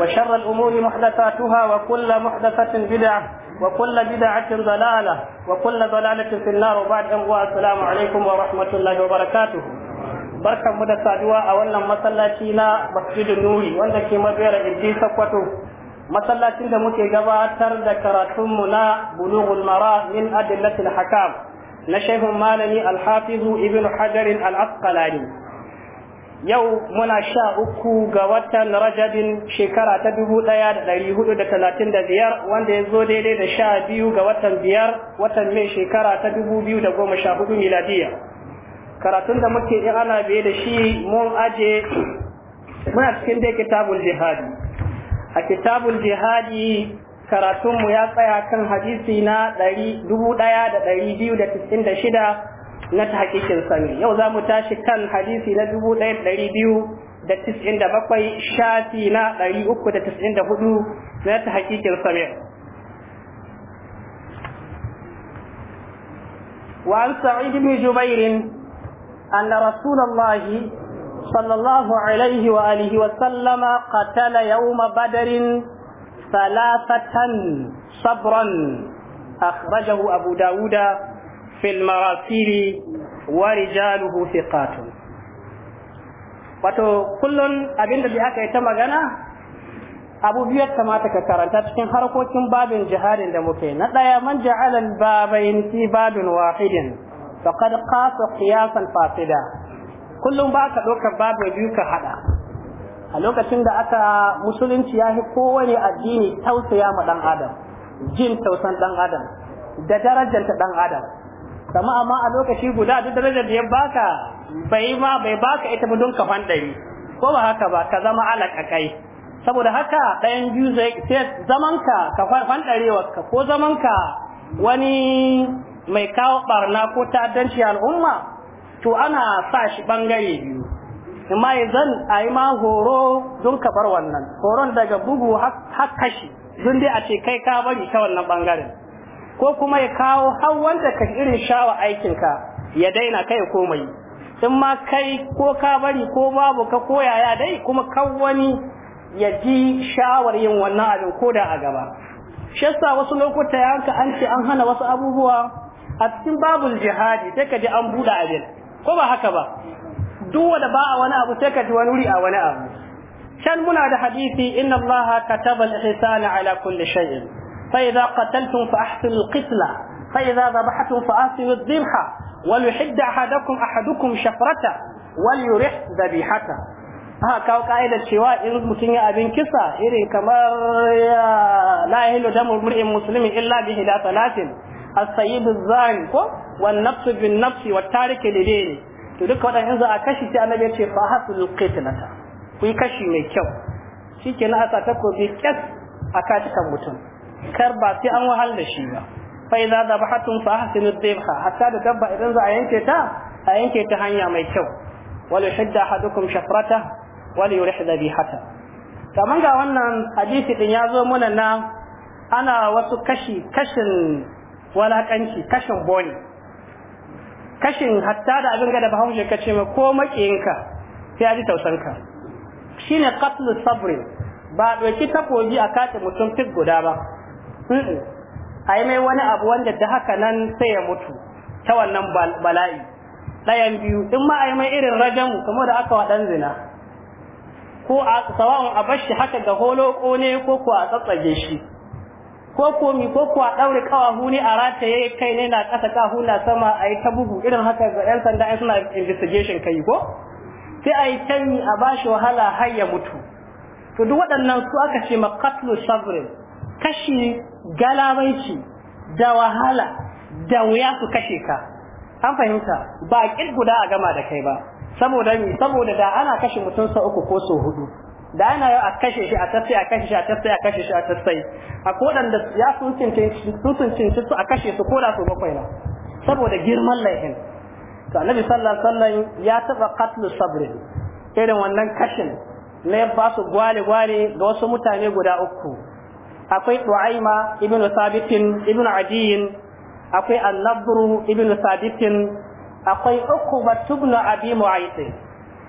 وشر الأمور محدثاتها وكل محدثة بدعة وكل بدعة ضلالة وكل ضلالة في النار وبعد السلام عليكم ورحمة الله وبركاته barkan mu da saduwa a wannan masallaci na masjidin nuri wanda ke mabera irji sakwato masallacin da muke gabatar da karatunmu na bulughul mara min adillatil hakam na shehun malami alhafizu ibnu hajarin al-asqalani yau muna sha uku ga watan rajabin shekara ta dubu ɗaya da ɗari hudu da talatin da biyar wanda ya zo daidai da sha biyu ga watan biyar watan mai shekara ta dubu biyu da goma sha hudu miladiya karatun da muke in ana biye da shi mun aje muna cikin dai kitabul jihadi a kitabul jihadi karatunmu ya tsaya kan hadisi na dubu ɗaya da ɗari biyu da tisin da shida na tahqiqin sani yau za mu tashi kan hadisi na 1297 shafi na 394 na tahqiqin sani وعن سعيد بن جبير أن رسول الله صلى الله عليه وآله وسلم قتل يوم بدر ثلاثة صبرا أخرجه أبو داود في المراسيل ورجاله ثقات wato kullum abinda da aka yi ta magana abu biyar kamata ka karanta cikin harkokin babin jihadin da muke na ɗaya man ja'ala al-babain fi babin wahidin faqad qasa qiyasan fasida kullum ba ka ɗaukar babu biyu ka haɗa a lokacin da aka musulunci ya fi kowane addini tausaya ma ɗan adam jin tausan ɗan adam da darajarta ɗan adam sama amma a lokaci guda duk darajar da ya baka bai ma bai baka ita ba don ka fandari ko ba haka ba ka zama alaka kai saboda haka ɗayan biyu sai zaman ka fandarewa ka ko zamanka wani mai kawo barna ko ta'addanci al'umma to ana sa shi bangare biyu amma zan a yi ma horo don ka bar wannan horon daga bugu har kashi don dai a ce kai ka bari ta wannan bangaren ko kuma ya kawo har wanda ka irin shawa ka ya daina kai komai in ma kai ko ka bari ko babu ka koya ya dai kuma kan wani ya ji shawar yin wannan abin ko da a gaba shi yasa wasu lokuta ya ka an ce an hana wasu abubuwa a cikin babul jihadi sai ka ji an buɗe abin ko ba haka ba duk wanda ba a wani abu sai ka ji wani wuri a wani abu Shan muna da hadisi inna allaha kataba al-ihsana ala kulli shay'in فإذا قتلتم فأحسنوا القتلة فإذا ذبحتم فأحسنوا الذبحة وليحد أحدكم أحدكم شفرته وليرح ذبيحته ها kawo ka'idar cewa in mutum ya abin kisa irin kamar la yahilu damu mur'in muslimin illa bi hila salatin as-sayyid az-zani ko wan nafs bin nafsi wa tarik lidini to duka wadannan za a kashi sai annabi ya ce fa hasul qitlata ku kashi mai kyau shikenan aka takobi kyas a kashi kan mutum kar ba sai an wahal da shi ba fa idza dhabahatum fa ahsinu dhabha hatta da dabba idan za a yanke ta a yanke ta hanya mai kyau wal yuhidda hadukum shafrata wal yurih dhabihata kaman ga wannan hadisi din ya zo mana na ana wasu kashi kashin walakanci kashin boni kashin hatta da abin gada bahaushe ka ce ma ko makiyinka sai a ji tausanka shine qatlus sabri ba doki takobi a kace mutum fit guda ba Hmm. a mai wani abu wanda da haka nan sai ya mutu ta wannan bala'i ɗayan biyu in ma ai mai irin rajamu kamar da aka waɗan zina ko a sawa'un a bashi haka ga holo kone ko ko a tsatsage shi ko komi ko kuwa daure kawahu ne a rataye kai ne na kasa kahu na sama a yi ta bugu irin haka ga yan sanda ai suna investigation kai ko sai a yi canyi a bashi wahala har ya mutu to duk waɗannan su aka ce ma katlu sabrin kashi galabaici da wahala da wuya su kashe ka an fahimta ba kin guda a gama da kai ba saboda ni saboda da ana kashe mutum sa uku ko so hudu da ana yau a kashe shi a tassai a kashe shi a tassai a kashe shi a tassai a kodan da ya sun cince su a kashe su koda su bakwai na saboda girman laifin to annabi sallallahu alaihi wasallam ya taba qatlu sabri irin wannan kashin na ya ba su gwale gwale ga wasu mutane guda uku akwai Tu'aima ibn Sabitin ibn Adiyin akwai Annabru ibn Sabitin akwai Uqba ibn Abi Mu'ayth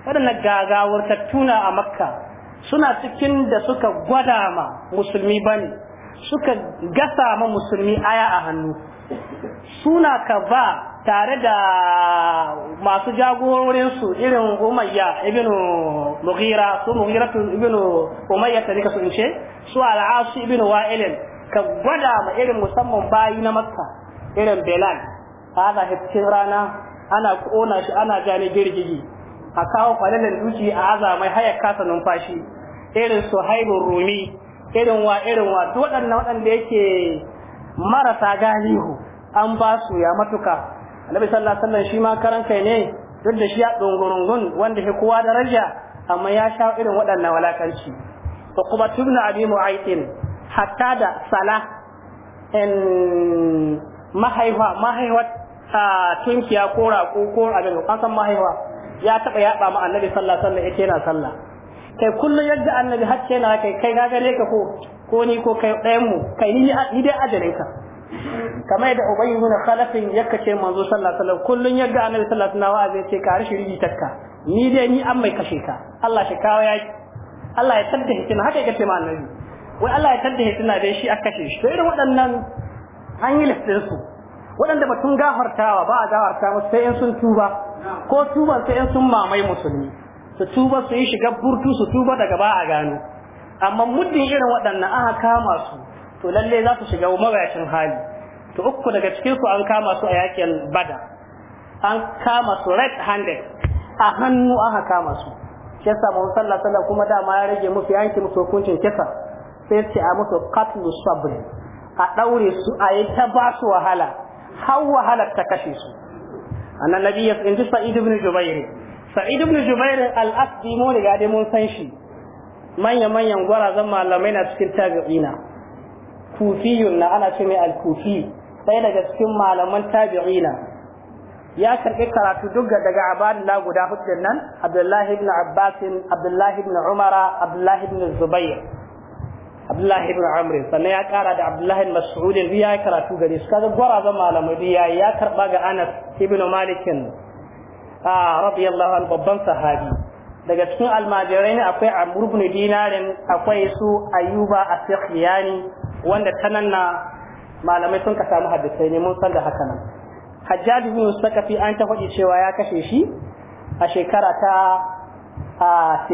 wadannan gagawurtattuna a Makka suna cikin da suka gwada ma musulmi bane suka gasa ma musulmi aya a hannu suna ka ba tare da masu su irin umayya ibn mughira su mughira ibn umayya nika su ce su al'asu ibn wa'ilin ka gwada ma irin musamman bayi na makka irin belal ana hifcin rana ana kona shi ana gane girgigi a kawo falalan duki a aza mai haya kasa numfashi irin su haibun rumi irin wa irin wa waɗannan waɗanda yake marasa galihu an ba su ya matuka annabi sallallahu alaihi wasallam shi ma karan kai ne duk da shi ya dungurungun wanda ke kowa daraja amma ya sha irin waɗannan walakanci to kuma tubna abi mu'aitin hatta da sala in mahaifa mahaifa ta tunkiya ko raƙo ko abin ka san mahaifa ya taɓa yaɓa ma annabi sallallahu alaihi wasallam yake na sallah kai kullum yadda annabi har na kai kai gagare ka ko ko ni ko kai ɗayan mu kai ni dai ajalinka kamar yadda ubay ibn khalafin yaka ce manzo sallallahu alaihi wasallam kullun yadda annabi sallallahu alaihi wasallam ya ce ka rishi rigi takka ni dai ni an mai kashe ka Allah shi kawo yaki Allah ya tadda hikima haka yake ce ma wai Allah ya tadda hikima dai shi aka kashe shi to irin waɗannan an yi listin su waɗanda batun gafartawa ba a gafarta musu sai in sun tuba ko tuban sai in sun mamai musulmi su tuba su yi shiga burtu su tuba daga ba a gano amma muddin irin waɗannan aka kama su to lalle za su shiga mawayacin hali to uku daga cikin su an kama su a yakin bada an kama su right handed a hannu aka kama su kisa sallallahu alaihi wasallam kuma dama ya rage musu yanki musu hukuncin kisa sai ce a musu qatlu sabri a daure su a yi ta ba su wahala har wahala ta kashe su annan nabi ya ji sa'id ibn jubair sa'id ibn jubair al-asdi mun riga dai mun san shi manya manyan gwarazan malamai na cikin tabi'ina kufiyun na ana ce mai al-kufi sai daga cikin malaman tabi'ina ya karɓi karatu duk daga abadullah guda hudun nan abdullahi ibn abbas abdullahi ibn umara abdullahi ibn zubair abdullahi ibn amr sannan ya kara da abdullahi mas'ud ya karatu gare su kaga gwarazan malamai ya ya karba ga anas ibn malik ah radiyallahu anhu babban sahabi daga cikin almajirai ne akwai amr ibn dinarin akwai su ayuba as wanda tanan na malamai sun ka samu hadisai ne mun san da haka nan hajjaj bin sakafi an ta faɗi cewa ya kashe shi a shekara ta a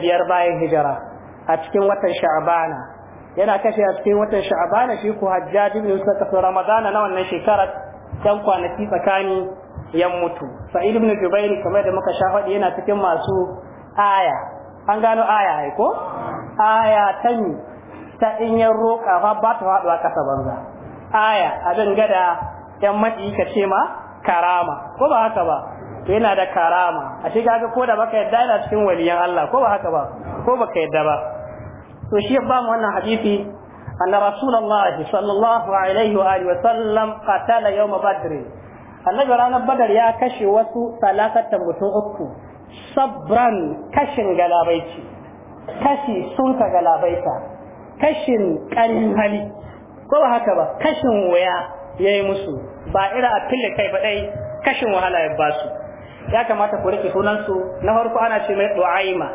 biyar bayan hijira a cikin watan sha'bana yana kashe a cikin watan sha'bana shi ko hajjaj bin sakafi ramadana na wannan shekara dan kwanaki tsakani ya mutu sa'id ibn jubair kamar da muka sha faɗi yana cikin masu aya an gano aya ai ko aya tani ta in yan roƙa fa ba ta faɗuwa ƙasa banza aya abin gada yan maɗi ka ce ma karama ko ba haka ba to yana da karama a shi kaga ko da baka yadda yana cikin waliyan Allah ko ba haka ba ko baka yadda ba to shi ba mu wannan hadisi anna rasulullah sallallahu alaihi wa alihi wa sallam qatala yawm badr annabi ranar badar ya kashe wasu salasata mutum uku sabran kashin galabaici kashi sun ka galabaita kashin ƙarin hali ko ba haka ba kashin waya ya yi musu ba ira a fille kai ba dai kashin wahala ya ba su ya kamata ku rike sunansu na farko ana ce mai du'aima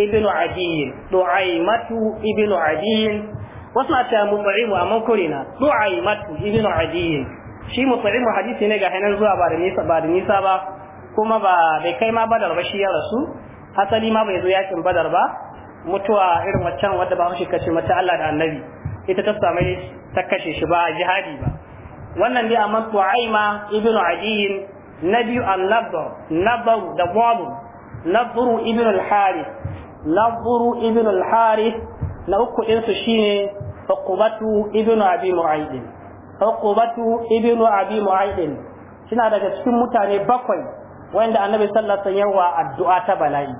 ibnu adiyin du'aimatu ibnu adiyin wasu na cewa mutsa'imu amma kurina du'aimatu ibnu adiyin shi mutsa'imu hadisi ne ga hanan zuwa ba da nisa ba da nisa ba kuma ba bai kai ma badar ba shi ya rasu asali ma bai zo yakin badar ba mutuwa irin waccan wadda ba shi kace mata Allah da annabi ita ta sami ta kashe shi ba jihadi ba wannan dai amma Tu'aima ibnu Adiyin nabi an-nabr da wabu nabru ibnu al-harith nabru ibnu al-harith na uku din su shine uqubatu ibnu abi mu'ayd uqubatu ibnu abi mu'ayd suna daga cikin mutane bakwai wanda annabi sallallahu alaihi wasallam wa addu'a ta bala'i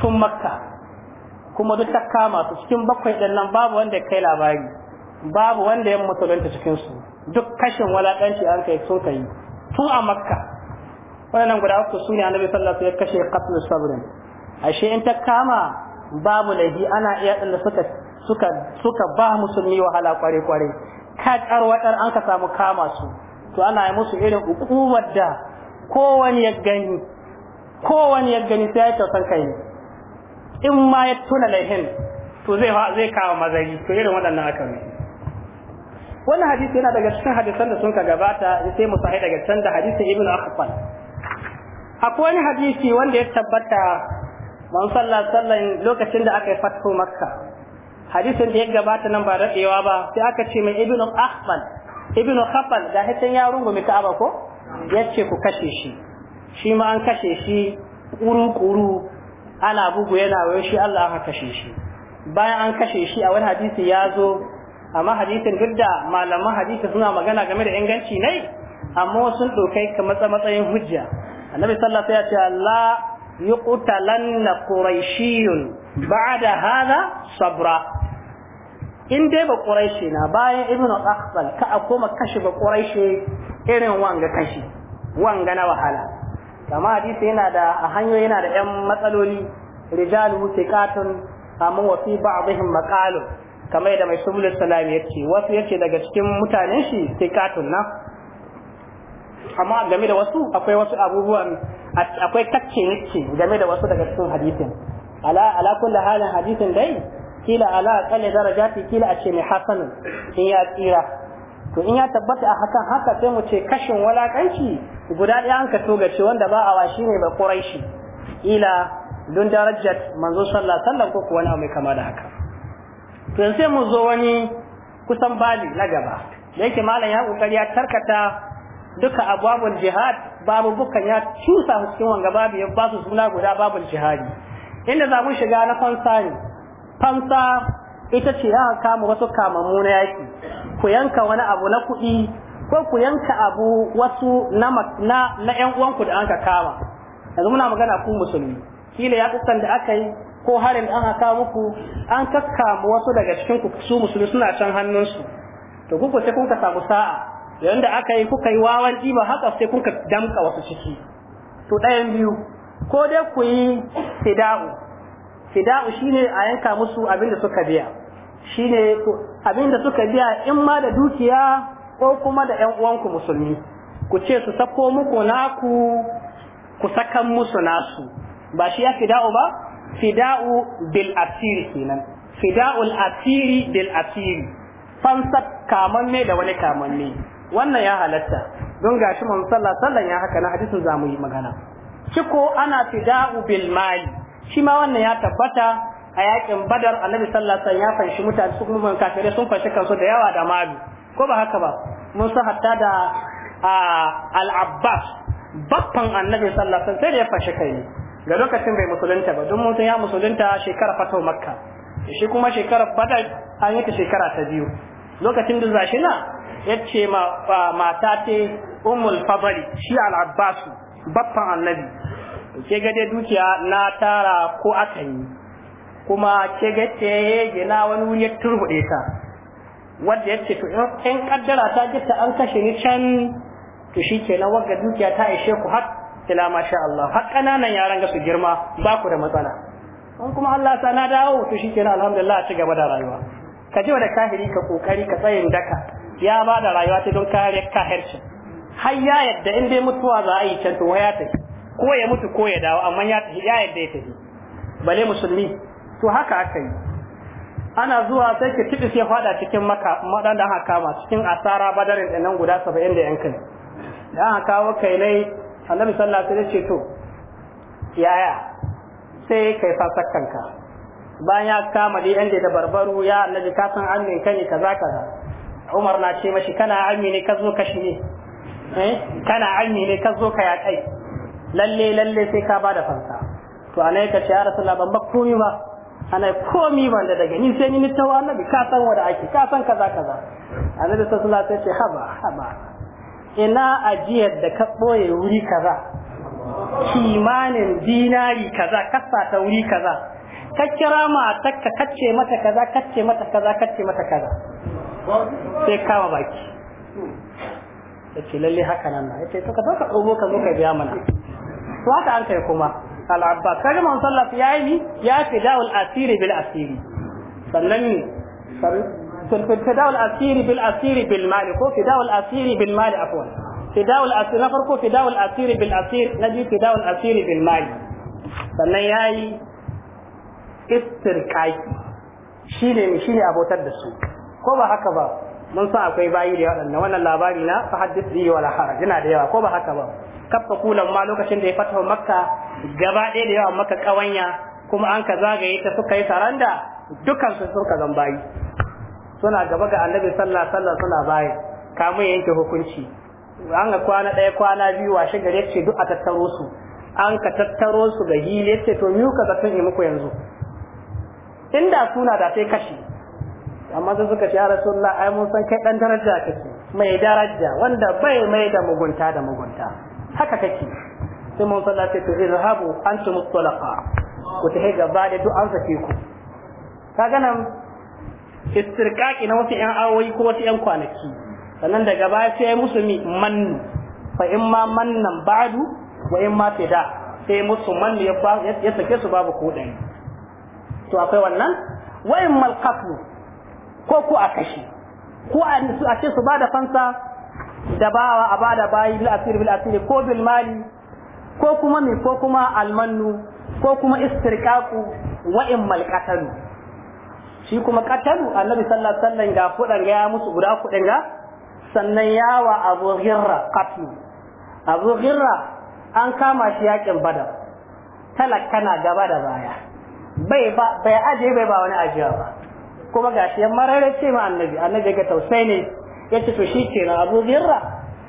tun makka kuma duk ta kama su cikin bakwai ɗin nan babu wanda ya kai labari babu wanda ya musulunta cikin su duk kashin walaƙanci an kai sun kai tun a makka waɗannan guda uku su ne annabi sallallahu alaihi wasallam ya kashe qatl sabrin ashe in ta kama babu laifi ana iya waɗanda suka suka suka ba musulmi wahala kware kware ka karwatar an ka samu kama su to ana yi musu irin ukuwar da kowani ya gani kowani ya gani sai ya tausan kai in ma ya tuna laihin to zai zai kawo mazari to irin waɗannan aka ne wannan hadisi yana daga cikin hadisan da sun ka gabata sai mu sahi daga can da hadisin ibnu akhfal akwai wani hadisi wanda ya tabbata man sallah sallan lokacin da aka yi fatho makka hadisin da ya gabata nan ba daɗewa ba sai aka ce mai ibnu akhfal ibnu khafal da hitan ya ta ka'aba ko yace ku kashe shi shi ma an kashe shi kuru-kuru ana bugu yana wayo shi Allah aka kashe shi bayan an kashe shi a wani hadisi ya zo amma hadisin duk da malaman hadisi suna magana game da inganci ne amma sun dokai kamar matsayin hujja annabi sallallahu alaihi wasallam ya ce la yuqtalanna quraishiyun ba'da hada sabra in dai ba quraishi na bayan ibn aqsal ka a koma kashe ba quraishi irin wanga kashi wanga na wahala kama hadisi yana da a hanyoyi yana da ƴan matsaloli rijalu thiqatun amma wa fi ba'dihim maqalu kamar yadda mai subul salam yace wasu yace daga cikin mutanen shi thiqatun na amma game da wasu akwai wasu abubuwan akwai tacce yake game da wasu daga cikin hadisin ala ala kulli halin hadisin dai kila ala kalli darajati kila a ce mai hasanun in ya tsira to in ya tabbata a hakan haka sai mu ce kashin walakanci guda ɗaya an ka togace wanda ba a washi ne ba ƙuraishi ila don darajat manzo sallah wasallam ko kuwa mai kama da haka to sai mu zo wani kusan bali na gaba da yake malam ya kokari ya tarkata duka abwabul jihad babu bukan ya cusa cikin wanga babu ya ba suna guda babul jihadi inda za mu shiga na fansa ne fansa ita ce ya kama wasu kamammu na yaki ku yanka wani abu na kuɗi ko ku yanka abu wasu na na na ƴan uwanku da anka kama yanzu muna magana ku musulmi kila ya kusan da aka yi ko harin an haka muku an kakkamu wasu daga cikin ku su musulmi suna can hannunsu to ku sai kun ka samu sa'a yanda aka yi kuka yi wawan ɗiba haka sai kun ka damka wasu ciki to ɗayan biyu ko dai ku yi fida'u fida'u shine a yanka musu abin da suka biya Shi shine abinda suka biya in ma da dukiya ko kuma da 'yan uwanku musulmi ku ce su sako muku naku ku sakan musu nasu ba shi ya fida'u ba fida'u bil asiri kenan fida'ul asiri bil asiri fansat kamanne da wani kamanne wannan ya halatta don gashi mun sallah sallan ya haka na hadisin zamu yi magana ciko ana fida'u bil mali shi ma wannan ya tabbata a yakin badar annabi sallallahu alaihi wasallam ya fanshi mutane su kuma kafirai sun fanshi kansu da yawa da mabi ko ba haka ba mun san hatta da al-abbas baffan annabi sallallahu alaihi wasallam sai da ya fanshi kai ne. ga lokacin bai musulunta ba don mutum ya musulunta shekara fato makka shi kuma shekarar badar an yi ta shekara ta biyu lokacin da zashi na ya ce mata ce umul fadari shi al-abbas baffan annabi ke gade dukiya na tara ko aka yi kuma ke gace ya na wani wuri ya turbuɗe ta wanda ya ce to in kaddara ta gita an kashe ni can to shi ke na wagga dukiya ta ishe ku har ila masha Allah har ƙananan yaran ga su girma ba ku da matsala in kuma Allah sa na dawo to shi ke na alhamdulillah a ci gaba da rayuwa ka ji da kahiri ka kokari ka tsayin daka ya ba da rayuwa ta don kare kahirci har ya yadda in dai mutuwa za a yi can to waya ta ko ya mutu ko ya dawo amma ya yadda ya tafi bale musulmi to haka aka yi ana zuwa sai ke tiɗi sai faɗa cikin maka madan da aka kama cikin asara badarin da nan guda saba'in da yan kai da aka kawo kai nai annabi sallallahu alaihi wasallam ce to yaya sai kai fasar kanka bayan ya kama dai yan da barbaru ya annabi ka san an ne ne kaza kaza Umar na ce mashi kana ammi ne ka zo ka shige eh kana ammi ne ka zo ka ya kai lalle lalle sai ka bada fansa to anai ka ce ya rasulullah ban ba komai ba ana komi wanda daga ni sai ni tawa annabi ka san wanda ake ka san kaza kaza annabi sallallahu alaihi wasallam ce haba haba ina ajiyar da ka boye wuri kaza kimanin dinari kaza kasa ta wuri kaza ka kira matar ka kace mata kaza kace mata kaza kace mata kaza sai kama baki sai lalle haka nan ne sai to ka dauka dogo ka zo ka biya mana to haka an kai kuma al-abbas kaga man sallah ya yi ya fi al-asiri bil asiri sannan fi الأسير asiri bil mali فداء الأسير بالمال عفوا فداء الأسير نفر كو فداء الأسير بالأسير نجي فداء الأسير بالمال sannan ya yi istirkaki shi ne shi ne abotar da su ko ba haka ba mun sa akwai bayi da waɗanda wannan labari na fa hadith bi wala haraj yana da yawa ko ba haka ba kafa kulan ma lokacin da ya fata makka gaba ɗaya da yawa makka kawanya kuma an ka zagaye ta suka yi saranda dukkan su suka zan bayi suna gaba ga annabi sallallahu alaihi wasallam suna bayi kamun yanke hukunci an ga kwana ɗaya kwana biyu washe gare ce duk a tattaro su an ka tattaro su ga hili ce to miyu ka zaton yi muku yanzu inda suna da sai kashi amma sai suka ce ya rasulullah ai mun san kai dan daraja kake mai daraja wanda bai mai da mugunta da mugunta haka kake sai mun sallah ce to irhabu antum talaqa ku tahi gaba da duk sa ke ku kaga nan istirqaqi na wasu yan awoyi ko wasu yan kwanaki sannan daga baya sai musu man fa in ma mannan ba'du wa in ma fida sai musu mannu ya sake su babu ko to akwai wannan wa in mal ko ku a kashi ko a ce su bada fansa da bawa a bada bayi bil asiri bil asiri ko bil mali ko kuma mi ko kuma almannu ko kuma istirqaqu wa in mal shi kuma qatalu annabi sallallahu alaihi wasallam ga fudan ga ya musu guda kudan ga sannan yawa abu ghirra qatlu abu ghirra an kama shi yakin badar talak gaba da baya bai ba bai aje bai ba wani ajiya ba kuma ga shi marare ce ma annabi annabi ga tausai ne yace to shi ce na abu zirra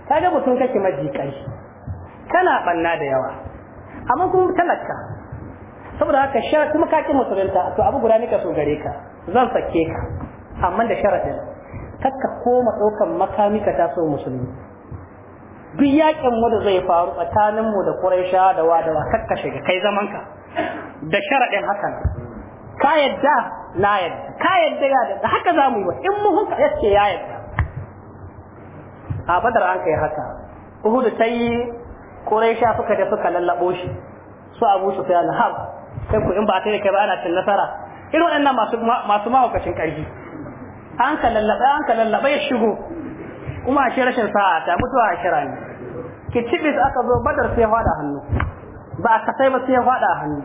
kaga mutum kake kai kana banna da yawa amma kuma talaka saboda haka shar kuma kake musulunta to abu guda ne ka so gare ka zan sake ka amma da sharadin kakka koma daukan makami ka taso musulmi duk yakin mu da zai faru tsakanin mu da Quraisha da wadawa kakka shiga kai zaman ka da sharadin hakan ka yadda na yadda ka yadda ya yadda haka za mu yi wa in mu ya yace ya yadda a badar an kai haka uhudu sai quraisha suka da suka lallabo shi su abu sufyan har sai ku in ba ta kai ba ana cin nasara irin wannan masu masu mahaukacin karfi an ka lallaba an ka lallaba ya shigo kuma a rashin sa'a ta mutuwa a kira ne ki cibis aka zo badar sai ya fada hannu ba a kasai ba sai ya fada hannu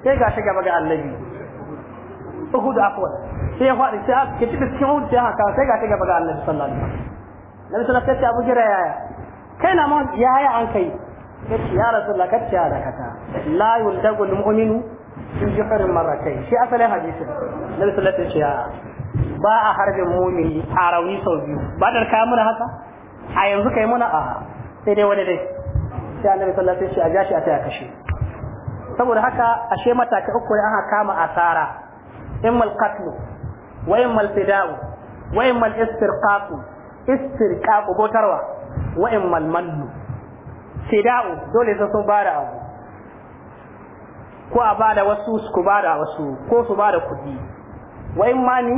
sai ga shi gaba ga annabi Uhud afwan sai ya faɗi sai aka kici cikin Uhud sai haka sai ga ta gaba ga Annabi sallallahu alaihi wasallam nabi sallallahu alaihi wasallam Abu Hurairah yaya kai na ma yaya an kai kace ya Rasulullah kace ya dakata la yuldagul mu'minu fi jihrin marratayn shi asalin hadisin Annabi sallallahu alaihi wasallam ba a harbin mumini a rauni sau biyu ba da kaya muna haka a yanzu kai muna a sai dai wani dai sai Annabi sallallahu alaihi wasallam a jashi a taya kashe saboda haka ashe mataki uku ne aka kama asara إما القتل وإما الفداء وإما الاسترقاق استرقاق wa وإما al فداء dole bada abu ko a bada wasu su bada wasu ko su bada kuɗi wa'in ma ni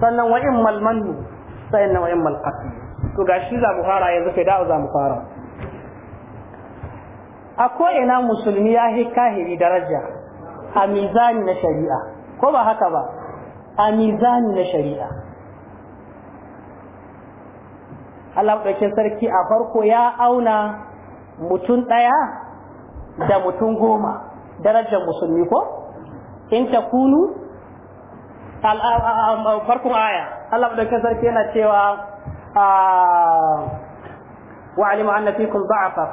sannan wa'in sannan to gashi za mu fara yanzu fida'u za mu fara a ko'ina musulmi ya yi kahiri daraja a mizani na shari'a ko ba haka ba a mizani na shari'a Allah ɗauke sarki a farko ya auna mutum ɗaya da mutum goma darajar musulmi ko in ta kunu farkon aya Allah ɗauke sarki yana cewa wa alima anna fikum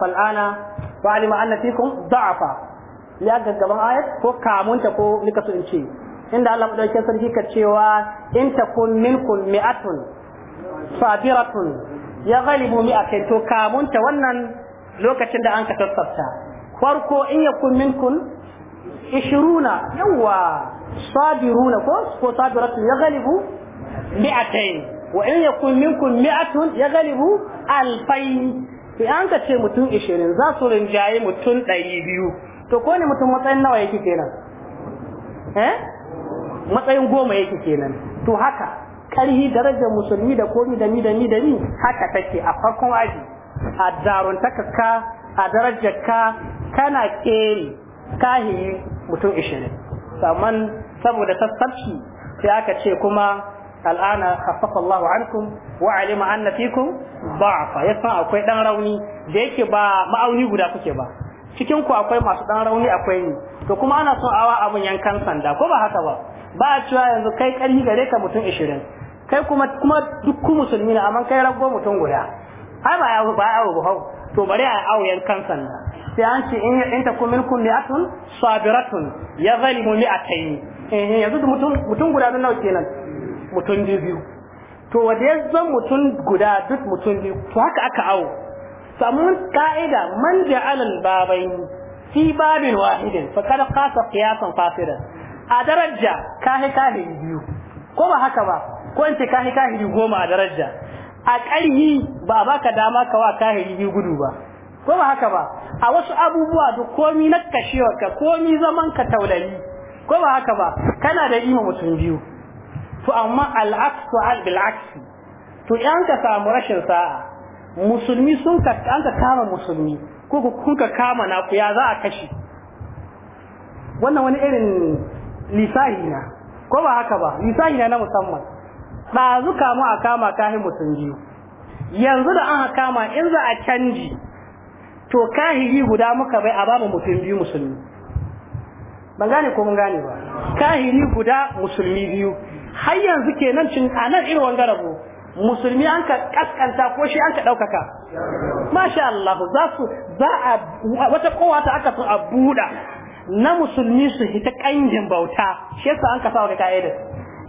fal'ana fa alima anna fikum da'afa ya gaggaban ayat ko kamunta ko nika in ce inda Allah madaukakin sarki ka cewa in takun minkum mi'atun sabiratun ya ghalibu mi'atain to kamunta wannan lokacin da an ka tassafta farko in yakun minkum ishiruna yawa sabiruna ko ko sabiratun wa in ya alfai sai an ka ce mutum 20 za su rinjaye mutum 200 to ko ne mutum matsayin nawa yake kenan eh matsayin goma yake kenan to haka karhi darajar musulmi da komi da ni da ni da ni haka take a farkon aji a darun takaka a darajar ka kana keri kahi mutum 20 saman saboda sassabci sai aka ce kuma الآن خفف الله عنكم وعلم أن فيكم ضعفا يسمع أكوي دان روني ديك با ما أوني غدا كوكي با cikin ku akwai masu dan rauni akwai ni to kuma ana son awa abun yankan sanda ko ba haka ba ba a cewa yanzu kai karhi gare ka mutum 20 kai kuma kuma duk musulmi ne amma kai rago mutum guda ai ba ya ba ya ba to bari a awo yankan sanda sai an ce in in ta kun minkum li'atun sabiratun ya zalimu li'atayn eh yanzu mutum mutum guda nawa kenan mutum biyu to wanda ya zan mutum guda duk mutum biyu to haka aka awo samun ka'ida man ja'ala al-babain fi babin wahidin fa kada qasa qiyasan a daraja kahi kahi biyu ko ba haka ba ko in ce kahi kahi goma a daraja a ƙarhi ba a baka dama ka wa kahi biyu gudu ba ko ba haka ba a wasu abubuwa duk komi na kashewa komi zaman ka taulayi ko ba haka ba kana da ima mutum biyu to amma al'aksu al bil'aksi to an ka samu rashin sa'a musulmi sun ka an ka kama musulmi ko kun ka kama na ku ya za a kashi wannan wani irin lisahi na ko ba haka ba lisahi na na musamman ɗazu kamu a kama kahin mutum biyu yanzu da an kama in za a canji to kahiyi guda muka bai a babu mutum biyu musulmi ban gane ko mun gane ba kahiyi guda musulmi biyu har yanzu kenan cin anan irin wangarabo musulmi an ka kaskanta ko shi an ka ɗaukaka masha Allah za su za a wata kowa ta aka so a buɗa na musulmi su hita kanjin bauta shi yasa an ka sa ka'ida. ka'idar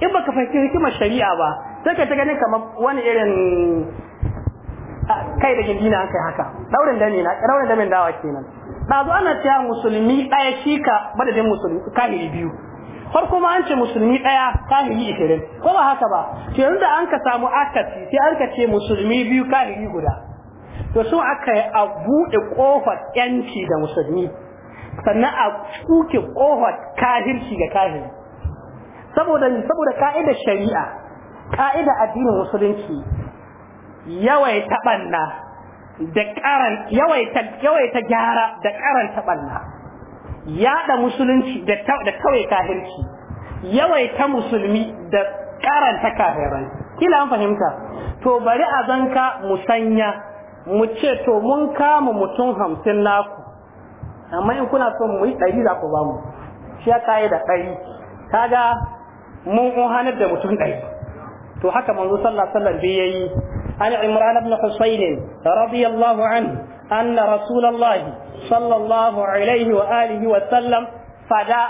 in baka fahimci hikimar shari'a ba sai ka ta ganin kamar wani irin kai da gindina an kai haka daurin dani na daurin dame dawa kenan dazu ana cewa musulmi ɗaya shi ka madadin musulmi kahiri biyu farko ma an ce musulmi daya kahiri 20 ko ba haka ba to yanzu an ka samu akasi sai an ka ce musulmi biyu kahiri guda to so aka yi a buɗe kofar yanci da musulmi sannan a tsuke kofar kahirci ga kahiri saboda saboda ka'idar shari'a ka'idar addinin musulunci yawai ɓanna, da ƙaran yawai ta gyara da ƙaranta ɓanna. yada musulunci da kawai kafirci yawaita musulmi da karanta kafirai kila an fahimta to bari a zanka musanya mu ce to mun kama mutum hamsin naku amma in kuna son mu yi ɗari za ku ba mu shi ya kayi da ɗari kaga mun hanar da mutum ɗari to haka manzo sallallahu alaihi wasallam bai yayi ani imran ibn husayn radiyallahu anhu أن رسول الله صلى الله عليه وآله وسلم فدا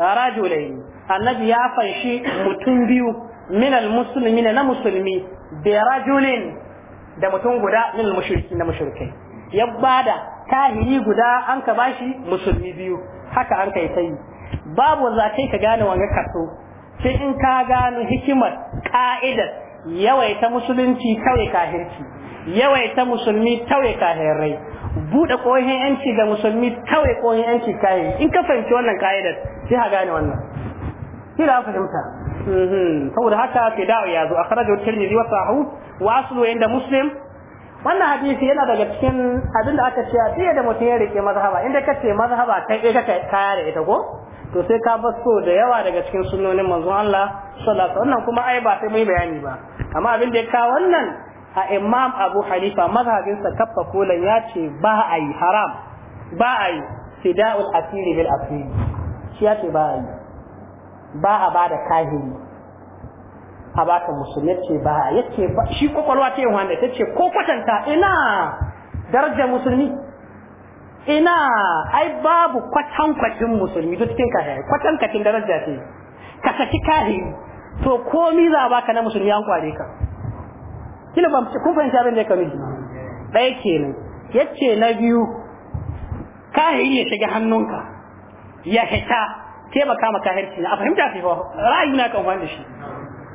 رجلين النبي يا فنشي متنبيو من المسلمين نا مسلمي برجل da mutum guda min mushriki na mushrikai ya bada tahiri guda an ka bashi musulmi biyu haka an kai sai babu za kai ka gane wanga sai in ka gano hikimar ka'idar yawaita musulunci kawai kahirci yawaita musulmi kawai kahirai bude kohin yanci ga musulmi kawai kohin yanci kahiri in ka fahimci wannan ka'idar sai ka gane wannan kira fahimta mhm. saboda haka da ya zo akhrajahu tirmidhi wa sahu wa aslu inda muslim wannan hadisi yana daga cikin abin da aka ce a da mutum ya rike mazhaba inda ka ce mazhaba ta ka kaya da ita ko to sai ka basko da yawa daga cikin sunnonin manzon Allah sallallahu alaihi wannan kuma ai ba sai mai bayani ba amma abin da ya kawo wannan a Imam Abu Hanifa sa kaffa kolan ya ce ba a yi haram ba a yi fida'ul asiri bil asiri shi ya ce ba a yi ba a ba da kahiri a baka musulmi ce ba a yace shi ta ce wanda ta ce ko kwatanta ina darajar musulmi ina ai babu kwatan kwatin musulmi duk cikin kwatan kwatankwacin daraja ce ka saki kahiri to komi za ba ka na musulmi an kware ka kila ba ku fahimci abin da ka kanu ɗaya kenan yace na biyu kahiri ya shiga hannunka ya hita taimaka ma kahirci a fahimta shi ba ra'ayi na kan wanda shi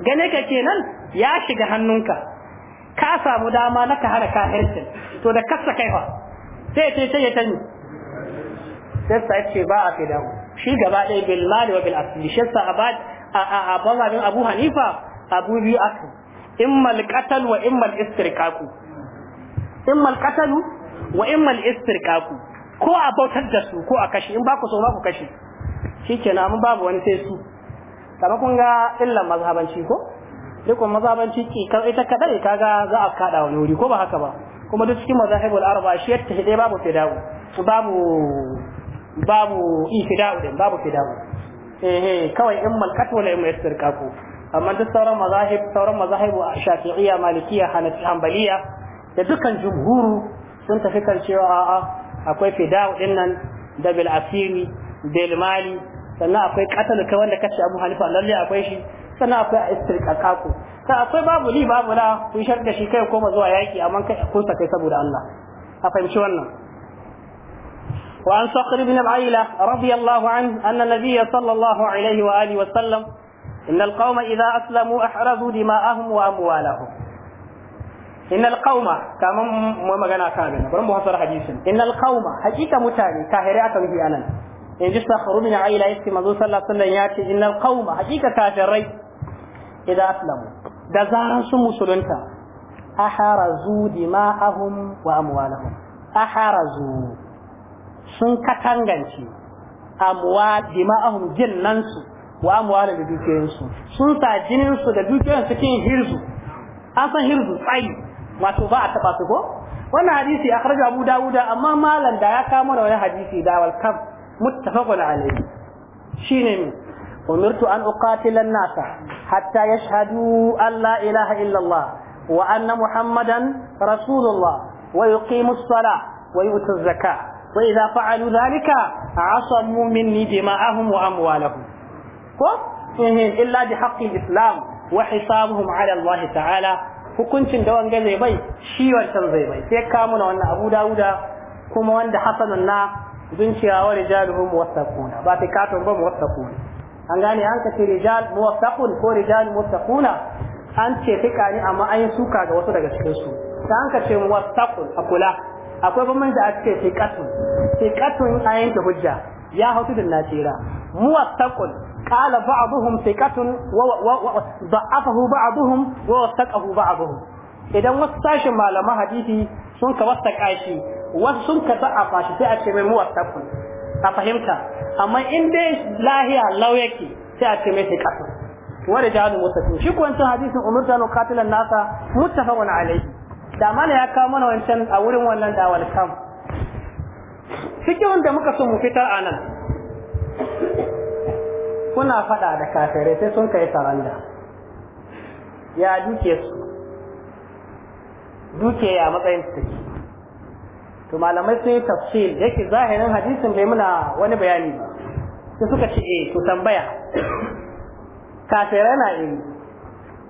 gane ka kenan ya shiga hannunka ka samu dama na ka hana kahircin to da kasa fa sai ce ce ya tani sai ce ba a fi dawo. shi gaba ɗaya bil mali wa bil asli shi sa abad a a a Abu Hanifa abu biyu asu imma al qatl wa imma al istirqaqu imma al qatl wa imma al istirqaqu ko a bautar da su ko a kashi in ba ku so ba ku kashi shikenan mun babu wani sai su kamar kun ga illan mazhabanci ko dukkan mazhabanci ki ita kadai kaga za a kada wani wuri ko ba haka ba kuma duk cikin mazahibul arba shi yatta hidai babu fidawu babu babu ifida'u din babu fida'u eh eh kawai in malkatu la in istirqaqu amma duk sauran mazahib sauran mazahibu shafi'iyya malikiyya hanafi hanbaliyya da dukkan jumhuru sun tafi kan cewa a'a akwai fida'u din nan da bil asiri bil mali sannan akwai kai wanda kace Abu Hanifa lalle akwai shi sannan akwai istirqaqaqu sai akwai babu li babu na ku shar da shi kai koma zuwa yaki amma kai ko sa kai saboda Allah a fahimci wannan wa an saqr ibn al-aila radiyallahu an anna nabiy sallallahu alaihi wa alihi wa sallam إن القوم إذا أسلموا أحرزوا دماءهم وأموالهم إن القوم كما ما مغانا كان برم بحصر حديث إن القوم حقيقة متاني كاهري أكوه أنا إن جسا خروبنا عيلة يسكي مزو صلى الله عليه وسلم إن القوم حقيقة كافرين idan aslamu da zaran sun musulunta aharazu dima'ahum wa amwalahum aharazu sun katangance amwa dima'ahum jinnansu wa amwalahum da dukiyoyinsu sun sa jininsu da dukiyoyinsu kin hirzu an san hirzu tsayi wato ba a taba su ko wannan hadisi ya karja abu dawuda amma malam da ya kamo da wani hadisi da wal kam muttafaqun alayhi shine umirtu an uqatila an-nasa hatta yashhadu an allah ilaha illallah wa anna muhammadan rasulullah wa yuqimu as-salah wa yu'tu az-zakah wa idza fa'alu dhalika asamu minni dima'ahum wa amwalahum ko in illa bi islam wa hisabuhum ala allah ta'ala hukuncin da zai bai shi wancan bai sai ka muna abu dauda kuma wanda hasanun na zunciya wa rijaluhum wasaquna ba ta katon ba mu wasaquna an gane an kace rijal muwaffaqun ko rijal muttaquna an ce fika ne amma an yi suka ga wasu daga cikin su ta an kace muwaffaqun akula akwai bambanci da ake fiqatun fiqatun ayin da hujja ya hautu da nasira muwaffaqun qala ba'dhum fiqatun wa da'afahu ba'dhum wa wasaqahu ba'dhum idan wasu sashin malaman hadisi sun ka wasaka shi wasu sun ka da'afa shi sai a ce mai muwaffaqun a fahimta amma in dai lahiya lau yake sai a ce mai sai kasa wanda mu mustaqim shi ko wancan hadisin umar ta katilan nasa muttafaqun alayhi da mana ya kawo mana wancan a wurin wannan dawal kam cikin da muka so mu fitar anan kuna faɗa da kafirai sai sun kai saranda ya duke su duke ya matsayin take to malamai sun yi tafsir da yake zahirin hadisin bai muna wani bayani ba sai suka ce eh to tambaya kafirai na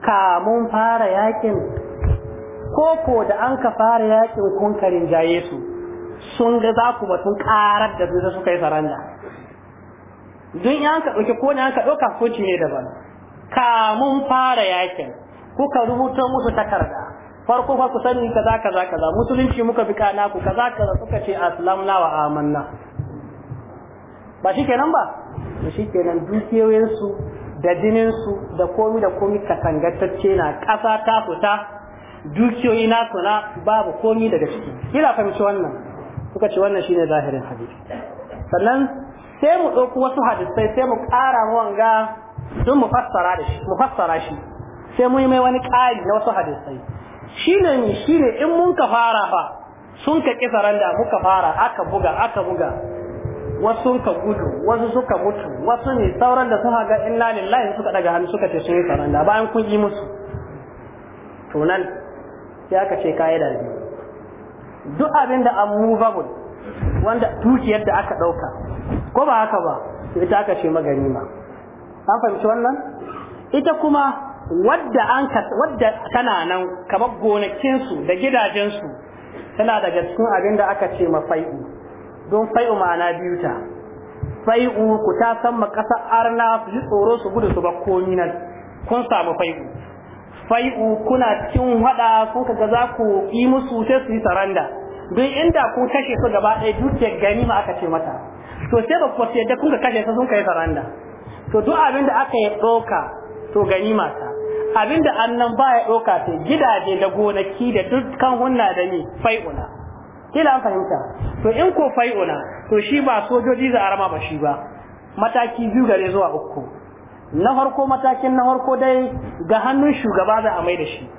ka kamun fara yakin Ko da an ka fara yakin kunkarin jaye su sun ga za ku batun karar da su suka yi saranda don yan ka ɗauki ko an ka ɗauka ci ne daban kamun fara yakin kuka rubuta musu takarda farko fa ku sani kaza kaza kaza musulunci muka fi kana ku kaza kaza suka ce aslamna wa amanna ba shikenan ba to shikenan dukiyoyin su da jinin su da komi da komi tangatacce na kasa ta fita dukiyoyi na na babu komi daga ciki kina fahimci wannan suka ce wannan shine zahirin hadisi sannan sai mu ɗauko wasu hadisai sai mu ƙara wanga don mu fassara shi mu fassara shi sai mu yi mai wani ƙari na wasu hadisai shine shine in mun ka fara fa sun ka ƙi da muka fara aka buga aka buga wasu sun ka gudu wasu suka mutu wasu ne sauran da suka ga inna lillahi suka daga hannu suka ce sun yi da bayan kun yi musu to nan sai aka ce kai da biyu duk abin da unmovable wanda dukiyar da aka dauka ko ba haka ba ita aka ce maganima an fahimci wannan ita kuma wadda an wadda tana nan kamar gonakinsu da gidajensu tana daga cikin abin da aka ce mafai'u don fai'u ma'ana biyu ta fai'u ku ta san ma ƙasar arna su ji tsoro su gudu su ba komi nan kun samu fai'u fai'u kuna cikin wada kun kaga za ku yi musu sai su yi saranda don inda kun kashe su gaba ɗaya dukiyar ma aka ce mata to sai ba ku yadda kun ka kashe su sun kai saranda to duk abin da aka yi ɗauka to ganima ta abinda annan baya ɗauka sai gidaje da gonaki da dukkan hunna da ni fai'una kila an fahimta to in ko fai'una to shi ba sojoji za arama rama ba shi ba mataki biyu gare zuwa uku na farko matakin na farko dai ga hannun shugaba za a mai da shi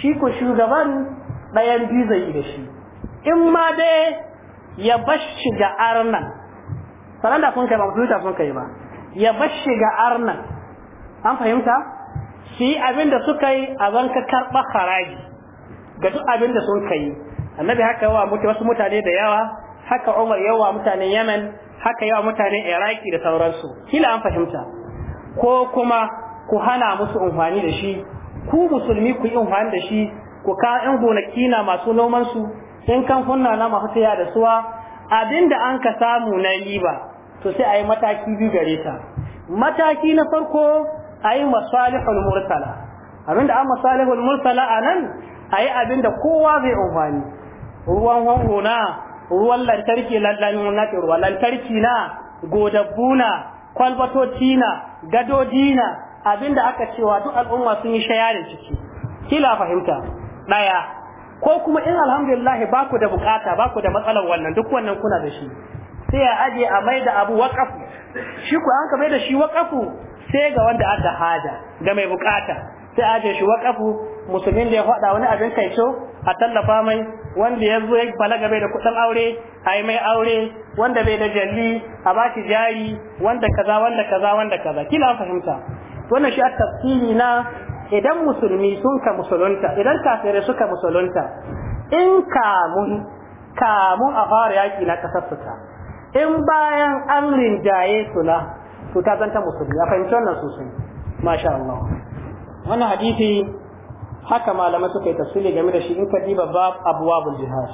shi ko shugaban ɗayan biyu zai yi da shi in ma dai ya bashi ga arnan sanan da kun kai ba mutunta kun kai ba ya bashi ga arnan an fahimta su yi abin da suka yi a banka karɓa haraji ga duk abin da sun kai annabi haka yawa mutu wasu mutane da yawa haka umar yawa mutanen yemen haka yawa mutanen iraki da sauransu kila an fahimta ko kuma ku hana musu amfani da shi ku musulmi ku yi amfani da shi ku ka yan gonaki na masu noman su in kan kunna na masu saya da suwa abinda an ka samu na riba to sai a mataki biyu gare ta mataki na farko ai masalihul mursala abinda an masalihul mursala anan ayi abinda kowa zai amfani ruwan hongo na ruwan lantarki lallan na ruwan lantarki na godabbu na kwalbatoci na gadoji na abinda aka cewa duk al'umma sun yi da ciki kila fahimta daya ko kuma in alhamdulillah ba ku da bukata ba ku da matsalar wannan duk wannan kuna da shi sai ya aje a maida abu waƙafu shi ku an ka maida shi waƙafu sai ga wanda aka haja ga mai bukata sai aje shi wakafu musulmin da ya faɗa wani abin kai a tallafa mai wanda ya zo ya balaga bai da kuɗin aure Ai mai aure wanda bai da jalli a ba shi jari wanda kaza wanda kaza wanda kaza kila an fahimta wannan shi a tafsiri na idan musulmi sun ka musulunta idan su suka musulunta in kamu mun a fara yaki na kasar in bayan an rinjaye suna. to ta zanta musulmi a fahimci wannan sosai masha Allah wannan hadisi haka malamai suka yi tafsiri game da shi in ka diba bab abwabul jihad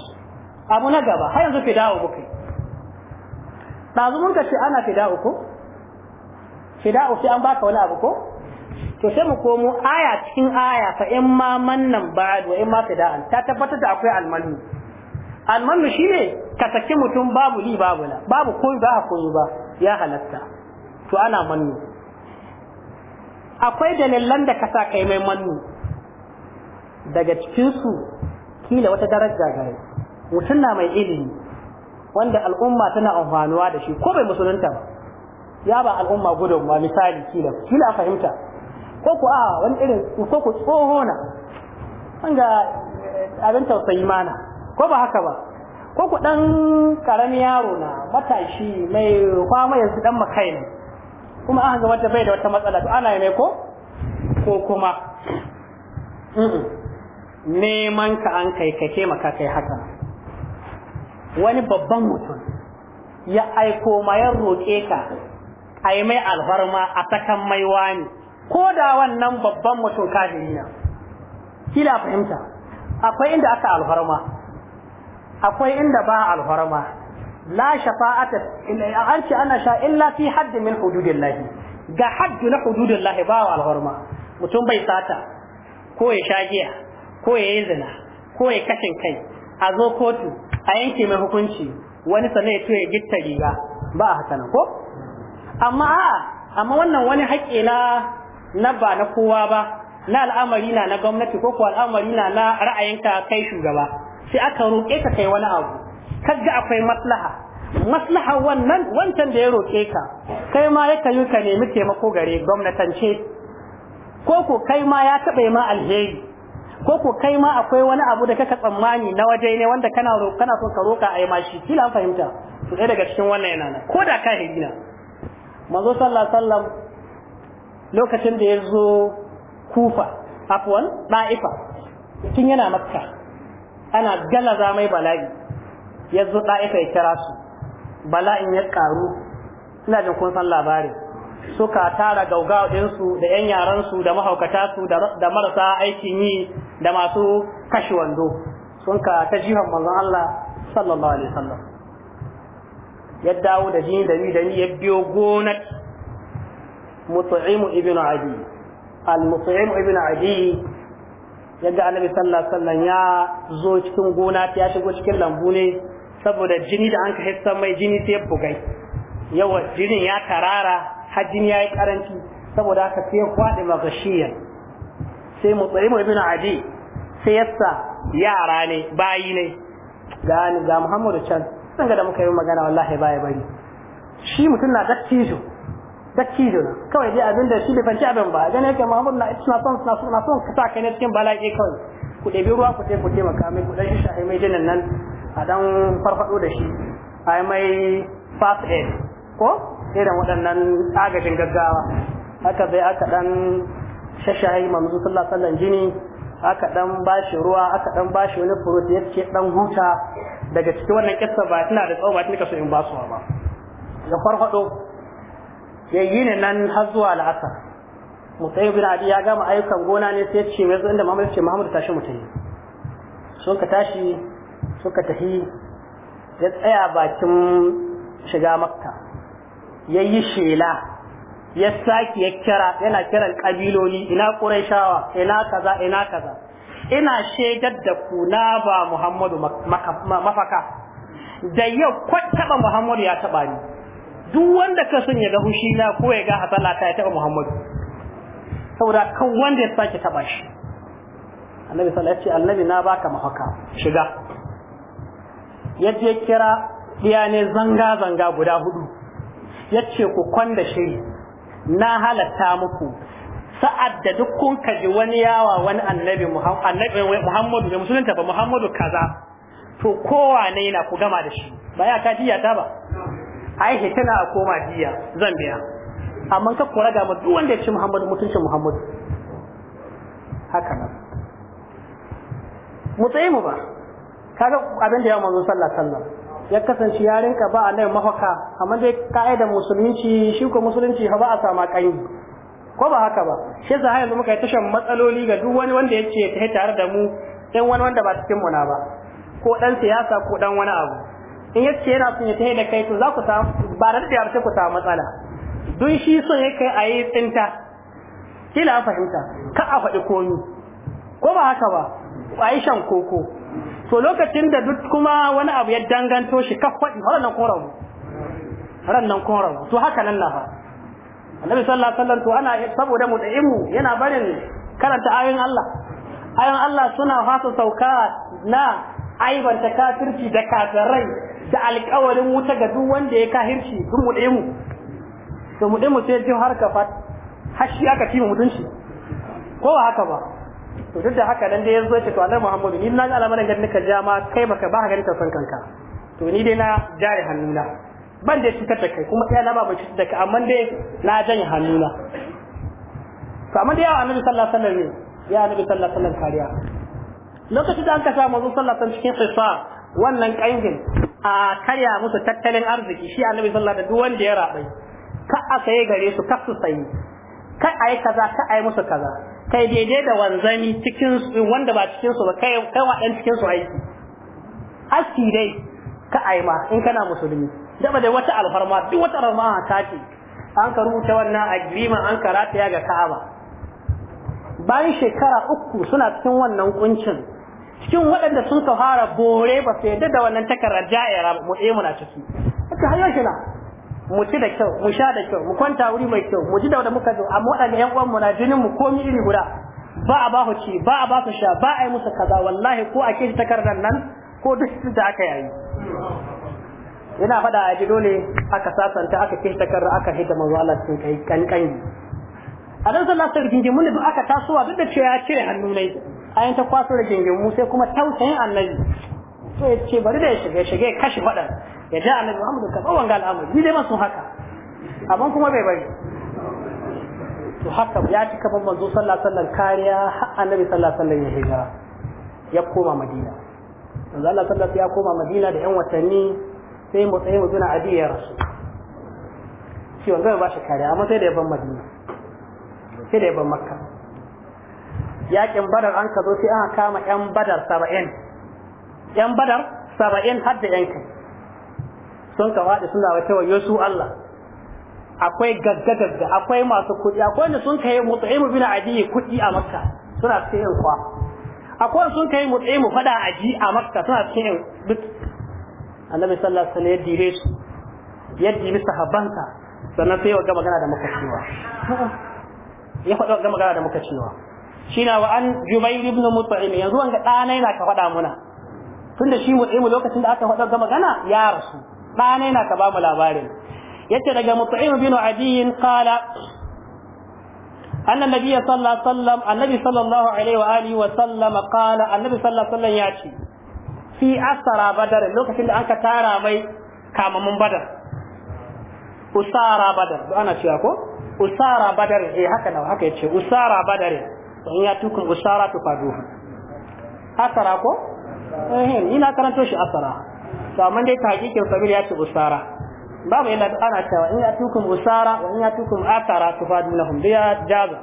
abu na gaba har yanzu fida'u bukai ɗazu mun ka ce ana fida ko Fida sai an baka wani abu ko to sai mu komo aya cikin aya fa in ma mannan ba'ad wa in ma fida'an ta tabbatar da akwai almanu almanu shine ka saki mutum babu li babu la babu koyi ba koyi ba ya halatta to ana mannu akwai dalilan da ka sa kai mai mannu daga cikinsu kila wata daraja gare mutum na mai ilimi wanda al'umma tana amfanuwa da shi ko bai musulunta ba ya ba al'umma gudun ma misali kila kila a fahimta ko ku a wani irin ko ku tsoho an ga eh, abin tausayi mana ko ba haka ba ko ku dan karami yaro na matashi mai kwama yanzu dan makaina kuma aka ga wanda bai da wata matsala to ana mai ko ko kuma neman ka an kai ka maka kai haka wani babban mutum ya aiko ma ya roƙe ka a yi mai alfarma a takan mai wani ko da wannan babban mutum kafiri na kila fahimta akwai inda aka albarma akwai inda ba alfarma لا شفاعة illa an ce ana sha illa fi hadd min hududillah ga hadd na lahi ba wa alhurma mutum bai sata ko ya sha giya ko ya yi zina ko ya kashin kai a zo kotu a yanke mai hukunci wani sanai ya ya gitta riga ba a hakanan ko amma a amma wannan wani haƙƙi na na ba na kowa ba na al'amari na na gwamnati ko ko al'amari na na ra'ayinka kai shugaba sai aka roƙe ka kai wani abu kaga akwai maslaha maslaha wannan wancan da ya roƙe ka kai ma ya kayu ka nemi taimako gare gwamnatance ko ko kai ma ya taɓa ma alheri ko ko kai ma akwai wani abu da kaka tsammani na waje ne wanda kana kana so ka roka ma shi kila an fahimta to dai daga cikin wannan yana nan ko da ka hijina manzo sallallahu alaihi wasallam lokacin da ya zo kufa afwan da'ifa tun yana makka ana galaza mai bala'i ya zo ɗa'ifa ya kira su bala in ya ƙaru ina jin kun san labarin suka tara gauga ɗinsu da 'yan yaransu da mahaukata su da marasa aikin yi da masu kashe wando sun ka ta jihar manzon Allah sallallahu alaihi wasallam ya dawo da jini da ni da ni ya biyo gonar mutu'imu ibn adi al mutu'imu ibn adi yadda annabi sallallahu alaihi wasallam ya zo cikin gona ya shigo cikin lambu ne saboda jini da an ka hissa mai jini sai bugai yawa jinin ya tarara har jini ya yi karanci saboda haka sai ma magashiyan sai mu tsaye mai bin adi sai yasa yara ne bayi ne ga ni ga muhammadu can sun ga da muka yi magana wallahi baya bari shi mutum na dattijo dattijo na kawai dai abinda shi bai fanci abin ba gane yake muhammadu na suna son suna son ka sa kai ne cikin bala'i kawai ku ɗebi ruwa ku taimaka mai ku ɗan shahi mai jinin nan a dan farfado da shi ai mai fast aid ko irin waɗannan agajin gaggawa aka bai aka dan shashayi manzo sallallahu alaihi wasallam jini aka dan bashi ruwa aka dan bashi wani ya yace dan huta daga cikin wannan kissa ba tana da tsawo ba tana kaso in ba su ba ya farfado yi ne nan har zuwa la'asar. mutayyib bin abi ya gama ayyukan gona ne sai ce mai zo inda mamaye ce mahamudu tashi mutayi sun ka tashi suka tafi ya tsaya bakin shiga makka ya yi shela ya sake ya kira yana kiran kabiloli ina shawa ina kaza ina kaza ina shaidar da ku na ba muhammadu mafaka da yau kwattaba muhammadu ya taba ni duk wanda ka sun ya ga hushi na ko ya ga hasala ta ya taba muhammadu saboda kan wanda ya sake taba shi annabi sallallahu alaihi annabi na baka mafaka shiga ya je kira iya ne zanga-zanga guda hudu ya ce ku kwanda shiri na halatta muku sa'ad da duk kun kaji wani yawa wani annabi muhammadu da musulun ba muhammadu kaza to kowa ne na ku gama da shi ba ya ka diya ta ba ai tana a koma diya zan biya amma ka kura ga duk wanda ya ci muhammadu mutuncin muhammadu haka nan mu tsaye mu ba kaga abin da ya manzo sallallahu alaihi wasallam ya kasance ya rinka ba a nan mafaka amma dai ka'ida musulunci shi ko musulunci ba a sama kai ko ba haka ba shi yasa yanzu muka yi tashan matsaloli ga duk wani wanda yake ta tare da mu dan wani wanda ba cikin mu na ba ko dan siyasa ko dan wani abu in yace yana son ya tahe da kai to za ku ta ba da da yarshe ku ta matsala dun shi so ya kai ayi tsinta kila fahimta ka a faɗi komi ko ba haka ba a shan koko to lokacin da duk kuma wani abu ya danganto shi ka faɗi har kun rabu har kun rabu to haka nan na fa annabi sallallahu alaihi wasallam to ana saboda mu da'imu yana barin karanta ayoyin Allah ayoyin Allah suna fasa sauka na ta kafirci da kafirai da alƙawarin wuta ga duk wanda ya kafirci duk mu da'imu to mu da'imu sai ji har ka har shi aka ci mu mutunci ko haka ba to duk da haka nan dai yanzu ce to annabi Muhammadu ni na ga alamarin ganin ka ja ma kai baka ba ganin ta san kanka to ni dai na jare hannuna ban da cutar da kai kuma sai na ba ba daga da amma dai na janye hannuna to amma dai annabi sallallahu alaihi wasallam ya annabi sallallahu alaihi wasallam kariya lokacin da an ka samu sallallahu alaihi wasallam cikin sifa wannan kangin a karya musu tattalin arziki shi annabi sallallahu alaihi wasallam duk wanda ya rabai ka aka yi gare su su sayi ka ayi kaza ka ayi musu kaza kai daidai da wanzani cikin wanda ba cikin su ba kai kai ɗan cikin su aiki haski dai ka aima in kana musulmi daba da wata alfarma duk wata alfarma ta ce an ka rubuta wannan agreement an karata ya ga Ka'aba bayan shekara uku suna cikin wannan kuncin cikin waɗanda sun ka fara bore ba su yadda da wannan takarar ja'ira mu ciki haka har na mu ci da kyau mu sha da kyau mu kwanta wuri mai kyau mu ji da wanda muka zo amma wadanda ƴan uwan mu na jinin mu komi iri guda ba a ba ci ba a ba su sha ba a yi musu kaza wallahi ko a keji takardar nan ko duk da aka yayi ina faɗa a ji dole aka sasanta aka keji takardar aka hidda manzo Allah sun kai kankani a dan sallah sai rigingimu ne duk aka tasowa duk da cewa ya cire hannu ne a yanta kwaso mu sai kuma tausayin annabi sai ya ce bari da ya shige shige kashi faɗar. ya ja annabi Muhammad ka tsawon ga al'amari ni dai ma sun haka amma kuma bai bari to haka ya ci kafan manzo sallallahu alaihi wasallam kariya har annabi sallallahu alaihi wasallam ya hijira ya koma Madina manzo Allah sallallahu ya koma Madina da yan watanni sai mu tsaye mu tuna adiya rasu shi wanda ba shi kariya amma sai da ya Madina sai da ya Makka yakin Badar an ka zo sai aka kama yan Badar 70 yan Badar 70 har da yan kai sun ka faɗi suna wa cewa su Allah akwai gagga gagga akwai masu kuɗi akwai wanda sun kai mutaimu bin adiyi kuɗi a makka suna cikin kwa akwai sun kai mutaimu faɗa aji a makka suna cikin duk annabi sallallahu alaihi wasallam ya dire su ya dire sahabbanka sannan sai ya ga magana da muka cewa ya faɗa ga magana da muka cewa na wa an Jubair ibn mutaim yanzu wanga dana yana ka faɗa muna tunda shi Mut'im lokacin da aka faɗa ga magana ya rasu ɗane na ka ba mu labarin yace daga mut'im bin adiyin qala anna nabiyya sallallahu alaihi wasallam annabi sallallahu alaihi wa alihi wa sallam qala annabi sallallahu alaihi wasallam yace fi asara badar lokacin da aka tara mai kamamun badar usara badar ana cewa ko usara badar eh haka nawa haka yace usara badar in ya tukun usara to faduhu asara ko eh ina karanto shi asara to amma dai tahqiqul kabir ya ce usara babu yana ana cewa in ya tukum usara wa in ya tukum akara tufadun lahum biya jaza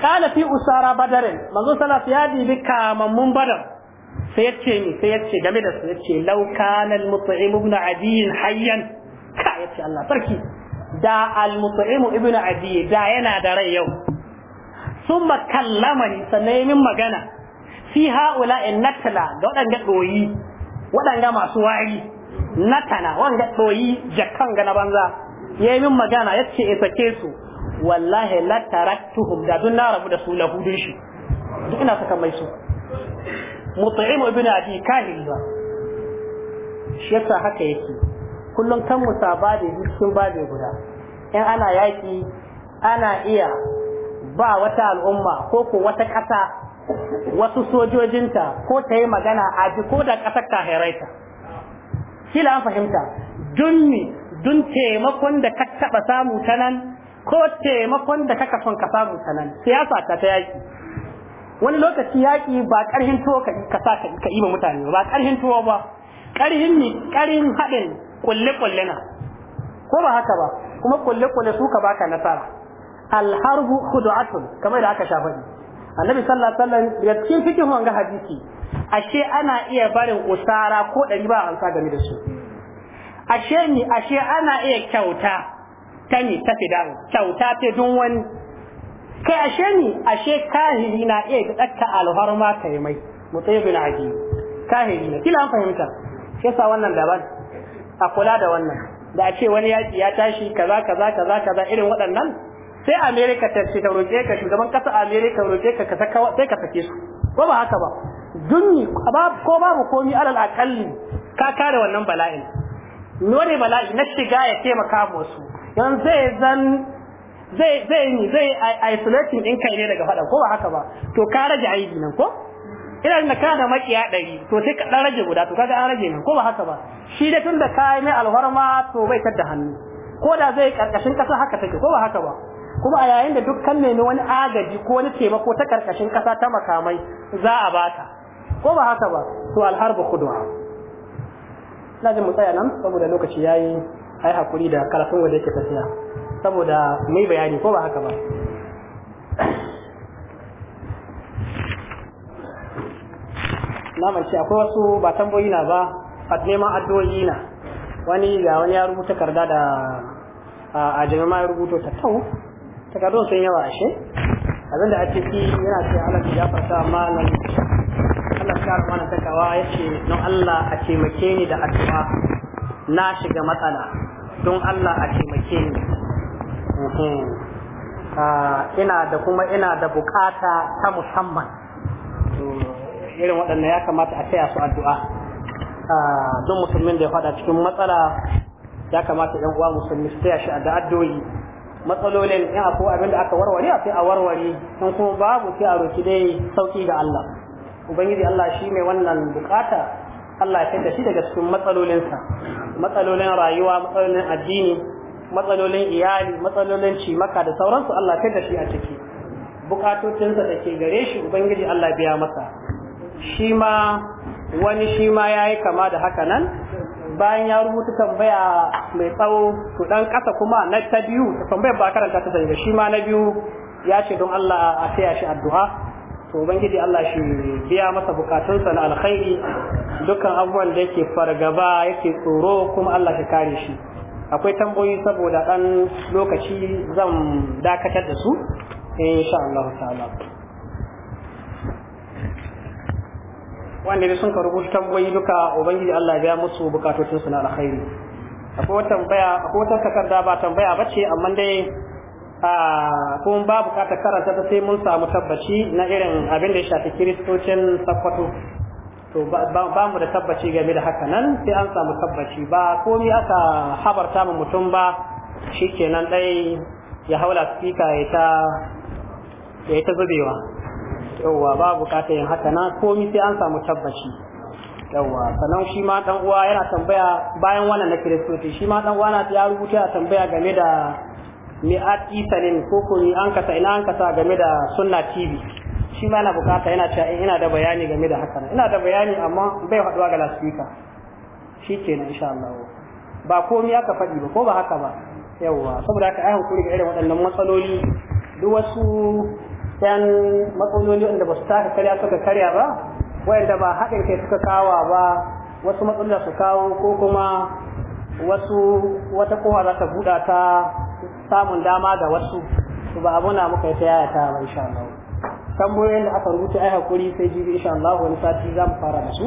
kana fi usara badarin manzo salaf ya dibi mun badar sai yace ni sai yace game da su yace law kana al-mut'im ibn adiyin hayyan ka yace Allah sarki da al-mut'im ibn adiy da yana da rai yau summa kallamani sanayin magana fi haula in natala da waɗanda ɗoyi waɗanda masu wari natana wanda ɗoyi jakan ga na banza ya yi min magana ya ce sake su wallahi la taraktuhum da dun na rabu da su lahudun shi duk ina saka mai su mut'im ibn abi kahil ba shi yasa haka yake kullum kan musaba da cikin babe guda in ana yaki ana iya ba wata al'umma ko ko wata ƙasa wasu sojojinta ko ta yi magana a ji ko da ƙasar ta hairaita kila an fahimta dun dun taimakon da ka taɓa samu ta nan ko taimakon da kaka son ka samu ta nan siyasa ta ta yaƙi wani lokaci yaƙi ba ƙarhin tuwo ka sa ka ima mutane ba ƙarhin tuwo ba ƙarhin ni ƙarhin haɗin ƙulle-ƙulle na ko ba haka ba kuma ƙulle-ƙulle su ka baka nasara alharbu khudu'atun kamar da aka sha faɗi annabi sallallahu alaihi wasallam daga cikin fikihun wanga hadisi ashe ana iya barin usara ko ɗari ba amsa game da su ashe ni ashe ana iya kyauta ta ni ta fidan kyauta ta dun wani kai ashe ni ashe kahiri na iya dakka alharma kai mai mutsayi bin aji kahiri na kila an fahimta sai sa wannan daban a kula da wannan da a ce wani yaki ya tashi kaza kaza kaza kaza irin waɗannan sai america ta ce ta roke ka shugaban ƙasa america roke ka sai ka sake su ko ba haka ba dunni ko babu komi alal akalli ka kare wannan bala'in nore bala'i na shiga ya maka musu yan zai zan zai zai ni zai isolating din kai ne daga fada ko ba haka ba to ka rage aiki nan ko ina da ka da makiya ɗari to sai ka dan rage guda to kaga an rage nan ko ba haka ba shi da tun da ka yi mai alwarma to bai tada hannu ko da zai karkashin kasa haka take ko ba haka ba kuma a yayin da dukkan nemi wani agaji ko wani taimako ta karkashin kasa ta makamai za a bata ko ba haka ba to alharbu khudwa na ji mu tsaya nan saboda lokaci yayi ai hakuri da karatun wanda yake tafiya saboda mai bayani ko ba haka ba na mace akwai wasu ba tamboyi na ba a neman addu'o'i na wani ga wani ya rubuta karda da a jami'a ya rubuto ta tau takardun sun yawa ashe abinda a ciki yana ce Allah ya fata malam Allah ya karama na takawa yace don Allah a taimake ni da addu'a na shiga matsala don Allah a taimake ni mhm. ah, ina da kuma ina da bukata ta musamman mm, irin waɗanda ya kamata a taya su addu'a ah, don musulmin da ya fada cikin matsala ya kamata yan uwa musulmi su taya shi da matsalolin in akwai abin da aka warware a sai a warware in kuma babu sai a roki dai sauki ga Allah ubangiji Allah shi mai wannan bukata Allah ya da shi daga cikin matsalolinsa matsalolin rayuwa matsalolin addini matsalolin iyali matsalolin cimaka da sauransu Allah ya da shi a ciki bukatotinsa da ke gare shi ubangiji Allah biya masa shi ma wani shi ma yayi kama da haka nan bayan ya rubuta tambaya mai tsawo to dan kasa kuma na ta biyu tambayar ba karanta ta sai shi ma na biyu ya ce don Allah a taya shi addu'a to ubangiji Allah shi biya masa bukatunsa na alkhairi dukkan abubuwan da yake fargaba yake tsoro kuma Allah shi kare shi akwai tambayoyi saboda dan lokaci zan dakatar da su insha Allah ta'ala wanda dai sun ka rubuta tambayoyi duka ubangiji Allah ya biya musu bukatocin su na alkhairi akwai wata tambaya akwai wata takarda ba tambaya bace amma dai a kuma ba bukatar karanta ta sai mun samu tabbaci na irin abin da ya shafi kiristocin sakwato to ba mu da tabbaci game da haka nan sai an samu tabbaci ba komai aka habarta mu mutum ba shikenan dai ya haula spika ya ta ya ta zubewa yawwa ba bukata yin haka na komi sai an samu tabbaci yawwa sannan shi ma dan uwa yana tambaya bayan wannan na kiristoci shi ma dan uwa na ya rubuta ya tambaya game da mi'at isanin ko ko ni an kasa ina an kasa game da sunna tv shi ma yana bukata yana cewa eh, ina da bayani game da haka ina da bayani amma bai haɗuwa ga lasfika shi kenan insha Allah ba komai aka faɗi ba ko ba haka ba yawwa saboda haka ai hankuri ga irin waɗannan matsaloli duk wasu yan matsaloli wanda ba su taka karya suka karya ba wayanda ba haɗin kai suka kawa ba wasu matsaloli su kawo ko kuma wasu wata kowa za ta buɗa ta samun dama ga wasu su ba abuna muka yi ta yaya ta ba insha Allah tambayoyin da aka rubuta ai hakuri sai jibi insha Allah wani sati za mu fara da su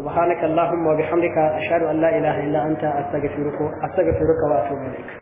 subhanakallahumma wa bihamdika ashhadu an la ilaha illa anta astaghfiruka astaghfiruka wa atubu ilaik